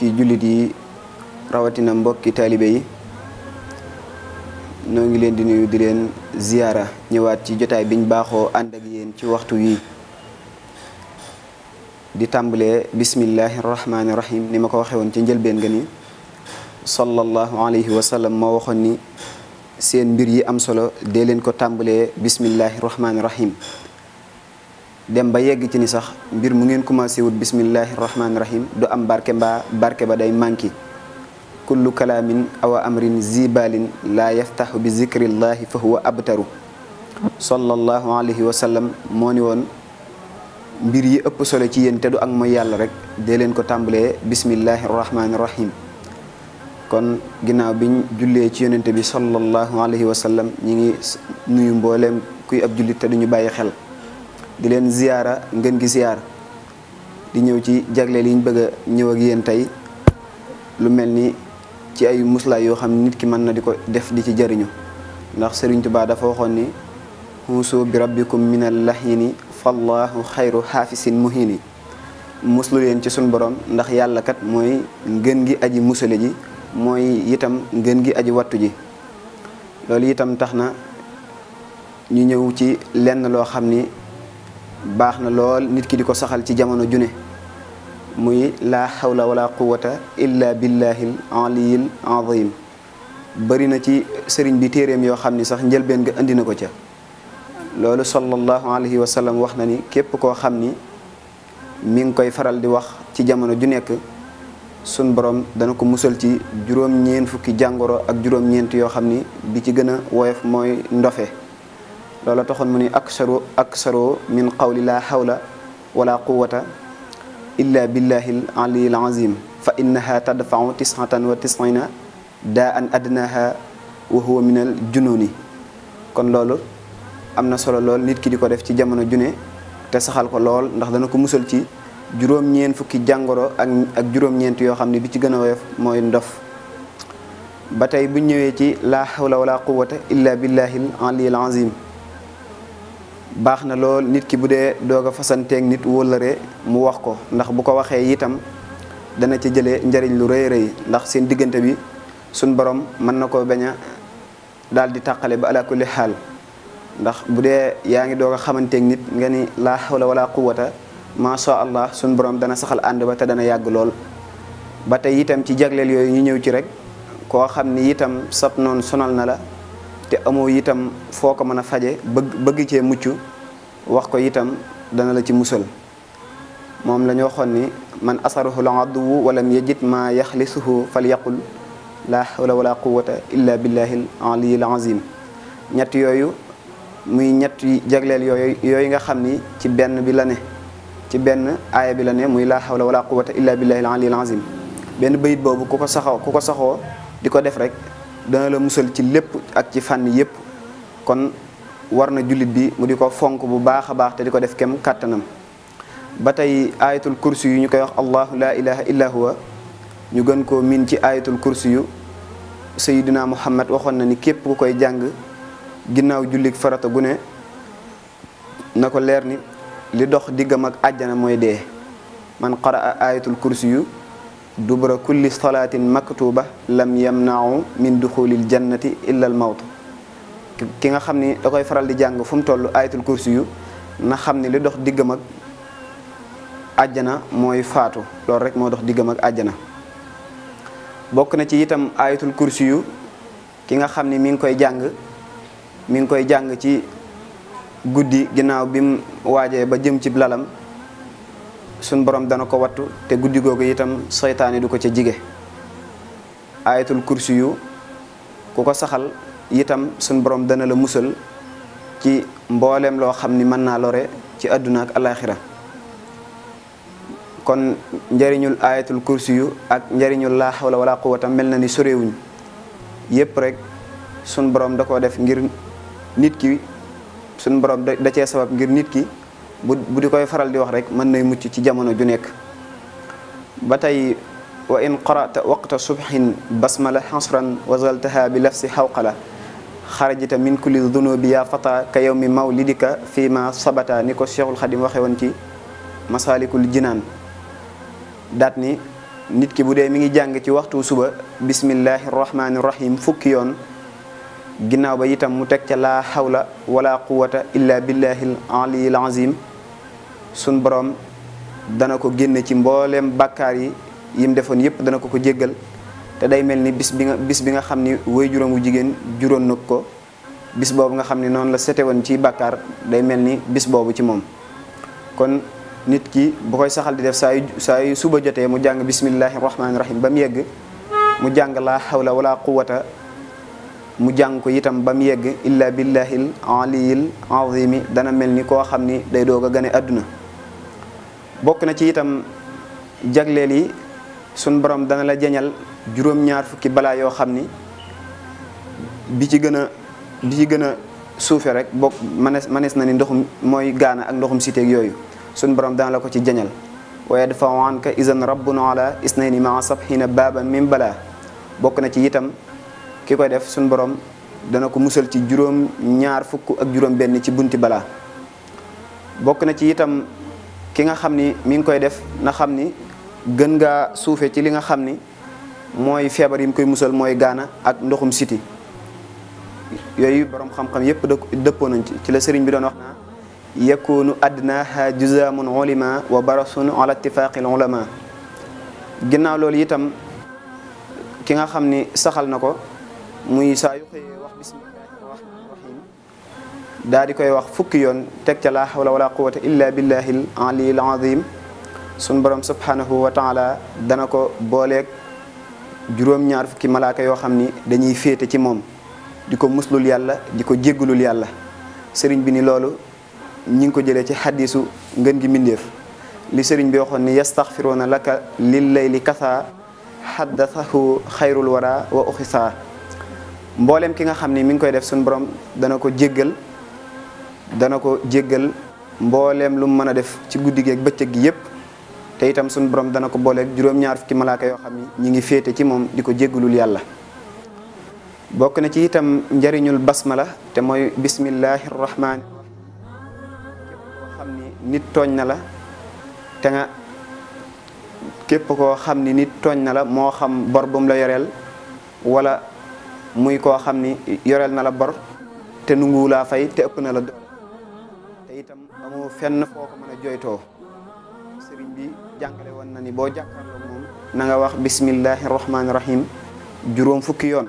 mbokki jullit yi rawatina mbokki taalibe yi noo ngi leen di nuyu di leen ziyaara ñëwaat ci jotaay biñ baaxoo ànd ak ci waxtu wii di tàmbalee bismillahi rahmaani rahim ni ma ko waxee woon ci njëlbeen nga ni sallallahu alayhi wa sallam waxoon ni seen mbir yi am solo dee leen ko tàmbalee bismillahi rahmaani rahim dem ba yegg ci ni sax mbir mu ngeen commencé wut bismillahi rahmaani rahim du am barke mbaa ba day manqué kullu kalaamin awa amrin zibalin laa yaftaxu bi zikrillahi fa huwa abtaru sallallahu alayhi wa sallam woon mbir yi ëpp solo ci yéen te du ak mooy yàlla rek dee leen ko tàmbalee bismillahi rahmaani rahim kon ginnaaw biñ jullee ci yonente bi sallallahu alayhi wa sallam ñi ngi nuyu mbooleem kuy ab jullit te ñu bàyyi xel di leen ziyaara ngeen gi ziyaar di ñëw ci jagle liñ ñu bëgg a ñëw ak yéen tey lu mel ni ci ay muslaay yoo xam ne nit ki mën na di ko def di ci jariñu ndax Sëriñ Tuubaa dafa waxoon ni xuusoo bi rabbikum minal lahini fallahu xayru xaafisin muhini muslu leen ci sun borom ndax yàlla kat mooy ngën gi aji musale ji mooy itam ngën gi aji wattu ji loolu itam tax na ñu ñëw ci lenn loo xam ni baax na lool nit ki di ko saxal ci jamono june muy laa xawla wala quwata illa billahil aliyil azim bari na ci sëriñ bi téereem yoo xam ni sax njëlbeen nga indi na ko ca loolu sallallahu alayhi wa sallam wax na ni képp koo xam ni mi ngi koy faral di wax ci jamono ju nekk suñ borom dana ko musal ci juróom-ñeent fukki jàngoro ak juróom-ñeent yoo xam ni bi ci gën a woyof mooy ndofe loola taxoon mu ni aksaru aksaro min qawli laa hawla wala quwata illa billahi al aliyil azim fa innaha tadfau tisatan wa tisina daa an adnaha wa huwa min al jununi kon loolu am na solo lool nit ki di ko def ci jamono june te saxal ko lool ndax dana ko musal ci juróom-ñeent fukki jàngoro ak ak juróom-ñeent yoo xam ne bi ci gën a woyof mooy ndof ba tey bu ñëwee ci laa hawla wala quwata illa billahi al aliyil baax na lool nit ki bu dee doog a fasanteeg nit wóllëre mu wax ko ndax bu ko waxee itam dana ci jële njariñ lu rëy rëy ndax seen diggante bi suñ borom mën na koo bañ a daal di tàqale ba ala xaal ndax bu dee yaa ngi doog a xamanteeg nit nga ni laa hawla wala quwata ma sha allah suñ borom dana saxal ànd ba te dana yàgg lool ba te itam ci jagleel yooyu ñu ñëw ci rek koo xam ni itam sab noonu sonal na la te amoo itam foo ko mën a faje bëgg bëgg cee mucc wax ko itam dana la ci musal moom la ñu waxoon ni man asaruhu la aduwu walam yajid ma yaxlisuhu fal yaqul la hawla wala quwata illa billahi aliyil azim ñett yooyu muy ñett jagleel yooyu yooyu nga xam ni ci benn bi la ne ci benn aaya bi la ne muy la hawla wala quwata illa billahi aliyil azim benn bayit boobu ku ko saxoo ku ko saxoo di ko def rek dana la musal ci lépp ak ci fànn yépp kon war na jullit bi mu di ko fonk bu baax a baax te di ko def kem kàttanam ba tey ayatul kursi yu ñu koy wax allahu laa ilaha illa huwa ñu gën koo miin ci ayatul kursi yu sayiduna muhammad waxoon na ni képp ku koy jàng ginnaaw jullik farata gu ne na ko leer ni li dox diggam ak àjjana mooy dee man qaraa ayatul kursi yu dubra kulli salaatin maktuba lam naaw min duxulil jannati illa al mawt ki nga xam ni da koy faral di jàng fu mu toll ayatul kursi yu na xam ni li dox diggam ak àjjana mooy faatu loolu rek moo dox diggam ak àjjana bokk na ci itam ayatul kursi yu ki nga xam ni mi ngi koy jàng mi ngi koy jàng ci guddi ginnaaw bi mu waajee ba jëm ci lalam suñ borom dana ko wattu te guddi googu itam seytaane du ko ca jige ayatul kursi yu ku ko saxal itam suñ borom dana la musal ci mbooleem loo xam ni mën naa lore ci àdduna ak alaxira kon njariñul ayatul kursi yu ak njariñul laa xawla wala quwata mel na ni sorewuñ yépp rek suñ borom da ko def ngir nit ki suñ borom da cee sabab ngir nit ki bu bu koy faral di wax rek mën nay mucc ci jamono ju nekk ba tey wa in qarata waqta subhin basmala xasran wasaltaha bi lafsi xawqala xarajita min kulli dunubi ya fata ka mi mawlidika fii ma sabata ni ko cheikhul xadim waxe woon ci masalikul jinaan daat ni nit ki bu dee mi ngi jàng ci waxtu suba bismillahi rahmani rahim fukki yoon ginnaaw ba itam mu teg ca laa xawla wala quwata illa billahi aliyil azim sun borom dana ko génne ci mbooleem bàkkaar yi yim defoon yëpp dana ko ko jéggal te day mel ni bis bi nga bis bi nga xam ni way juróom jigéen juróon nag ko bis boobu nga xam ni noonu la sete woon ci bàkkaar day mel ni bis boobu ci moom kon nit ki bu koy saxal di def saa suba jotee mu jàng bismillahi rahmaani rahim ba mu yegg mu jàng laa la walaa quwata mu jàng ko itam ba mu yegg illa billahil aliyil azimi dana mel ni koo xam ni day doog a gane àdduna bokk na ci itam jagleel yi sun borom dana la jañal juróom-ñaar fukki balaa yoo xam ni bi ci gën a bi ci gën a suufe rek bokk manees manees na ni ndoxum mooy gaana ak ndoxum siteeg yooyu sun borom dana la ko ci jañal waaye dafa waan ka isan rabbuna ala isnayni maa sabhina baaban min balaa bokk na ci itam ki koy def sun borom dana ko musal ci juróom ñaar fukk ak juróom benn ci bunti balaa bokk na ci itam ki nga xam ni mi ngi koy def na xam ni gën ngaa suufe ci li nga xam ni mooy feebar yi mu koy musal mooy gaana ak ndoxum siti yooyu boroom xam-xam yëpp dëppoo nañ ci ci la sëriñ bi doon wax naa yakunu adnaha juzaamun ulima wa barasun ala ittifaqil ulama ginnaaw loolu itam ki nga xam ni saxal na ko muy saa yu xëyee wax bismillah daal di koy wax fukki yoon teg ca laa hawla wala quwata illa billahil aliyil azim sun borom subhanahu wa taala dana ko booleek juróom-ñaar fukki malaaka yoo xam ni dañuy féete ci moom di ko muslul yàlla di ko jéggalul yàlla sëriñ bi ni loolu ñi ngi ko jëlee ci xadisu ngën gi mbindéef li sëriñ bi waxoon ni yastaxfiruuna laka lil layli kasa xaddasahu xayrul wara wa uxisaa mboolem ki nga xam ni mi ngi koy def suñu borom dana ko jéggal dana ko jéggal mbooleem lum mu mën a def ci guddi gi ak bëccëg gi yépp te itam suñu borom dana ko booleeg juróom-ñaar fukki malaaka yoo xam ni ñi ngi féete ci moom di ko jéggalul yàlla bokk na ci itam njariñul la te mooy bismillahi rahmaani ni nit tooñ na la te nga képp koo xam ni nit tooñ na la moo xam bor bu la yoreel wala muy koo xam ni yoreel na la bor te nunguwulaa fay te ëpp na la amoo fenn foo ko mën a joytoo sëriñ bi jàngale woon na ni boo jàkkaarloo moom na nga wax bismillahi rahmaani rahim juróom fukki yoon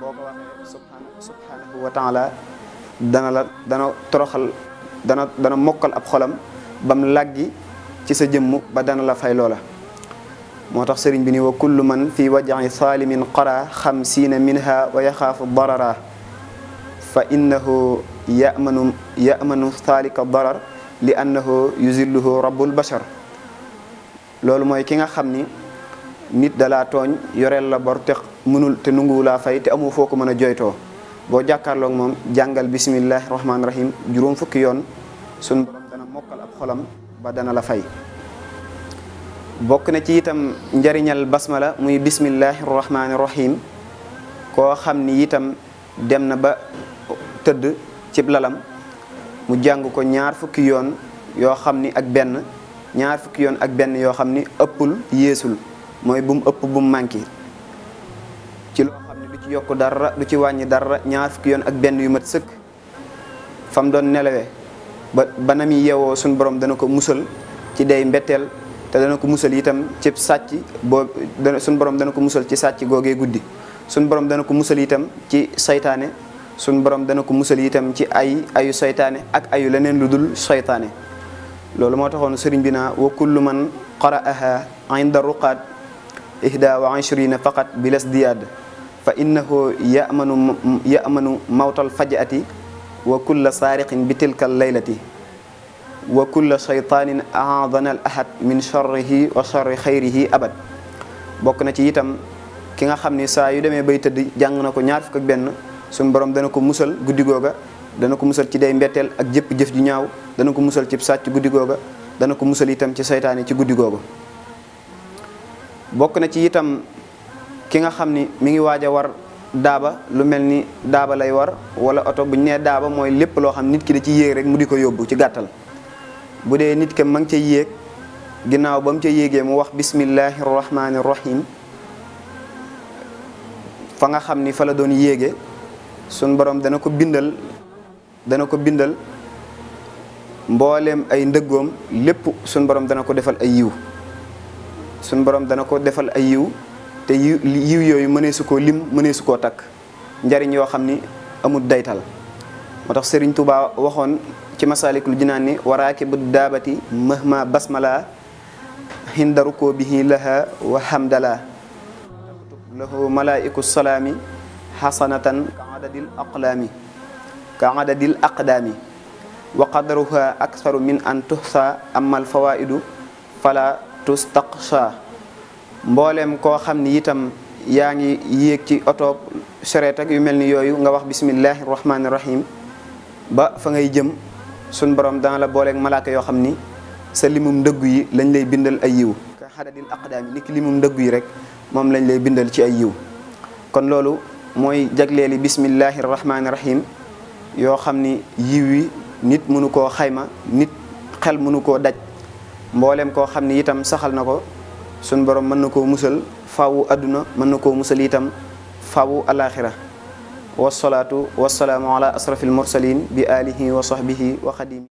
boo ko waxee wa taala dana la dana toroxal dana dana mokkal ab xolam bam làggi ci sa jëmm ba dana la fay loola moo tax sëriñ bi ni wa kullu man fi wajai saalimin qara xamsiina minha wa yaxaafu darara fa innahu yamanu yamanu thaalika darar li annahu yuzilluhu rabbul bashar loolu mooy ki nga xam ni nit dalaa tooñ yoreel la te mënul te nunguwu laa fay te amoo foo ko mën a joytoo boo jàkkaarloog moom jàngal bisimillahi rahmaani rahim juróom fukki yoon sun borom dana mokkal ab xolam ba dana la fay bokk na ci itam njariñal basmala muy bisimillahi rahmaani rahim koo xam ni itam dem na ba tëdd cib lalam mu jàng ko ñaar fukki yoon yoo xam ni ak benn ñaar fukki yoon ak benn yoo xam ni ëppul yéesul mooy bu ëpp bu mu ci loo xam ne du ci yokk dara du ci wàññi dara ñaar fukki yoon ak benn yu mat sëkk fam doon nelawe ba ba na muy yeewoo suñu borom dana ko musal ci day mbetteel te dana ko musal itam ci sàcc boo dana suñu borom dana ko musal ci sàcc googee guddi suñu ci seytaane suñ borom dana ko musal ci ay ayu seytaane ak ayu leneen lu dul seytaane loolu moo taxoon sëriñ bi naa wa kullu man qara'aha inda ruqaat ihda wa ashrina faqat bi las diyaad fa innahu yamanu yamanu mawtal fajati wa kulla saariqin bi tilkal laylati wa kulla ahad min charrihi wa charri xayrihi abad bokk na ci itam ki nga xam ni saa yu demee bay tëdd jàng na ko ñaar fukk benn suñu borom dana ko musal guddi googa dana ko musal ci day mbetteel ak jëpp jëf ju ñaaw dana ko musal ci sàcc guddi googa dana ko musal itam ci saytaane ci guddi googa bokk na ci itam ki nga xam ni mi ngi waaj a war daaba lu mel ni daaba lay war wala oto bu ñu nee daaba mooy lépp loo xam nit ki da ci yéeg rek mu di ko yóbbu ci gàttal bu dee nit ke ma ngi ca yéeg ginnaaw ba mu ca yéegee mu wax bismillahi rahmaani rahim fa nga xam ni fa la doon yéege sun borom dana ko bindal dana ko bindal mbooleem ay ndëggoom lépp sun borom dana ko defal ay yiw sun borom dana ko defal ay yiw te yiw yiw yooyu mënee su koo lim mëneesu su koo takk njariñ yoo xam ni amul daytal moo tax sëriñ Touba waxoon ci masaalikul jinaan ni waraaki bu daabati mahma basmala hindaru koo bihi laha wa hamdala lahu malaiku salaami xasanatan adadil aqlaami ka adadil aqdaami wa qadaruha aksaru min an tuxsa amal fawaidu fala tustaqsha mboolem koo xam ni itam yaa ngi yéeg ci oto charrette ak yu mel ni yooyu nga wax bismillahi rahmaani rahim ba fa ngay jëm sun borom dana la booleeg malaaka yoo xam ni sa limum ndëgg yi lañ lay bindal ay yiw ka xadadil aqdaami ni ki limum ndëgg yi rek moom lañ lay bindal ci ay yiw kon loolu mooy jagleeli bismillahi rahmaani rahim yoo xam ni yiw wi nit mënu koo xayma nit xel mënu koo daj mboolem koo xam ni itam saxal na ko suñ borom mën na ko musal fawu adduna mën na ko musal itam fawu alaxira wasalaatu wasalaamu ala bi alihi wa sahbihi wa xadim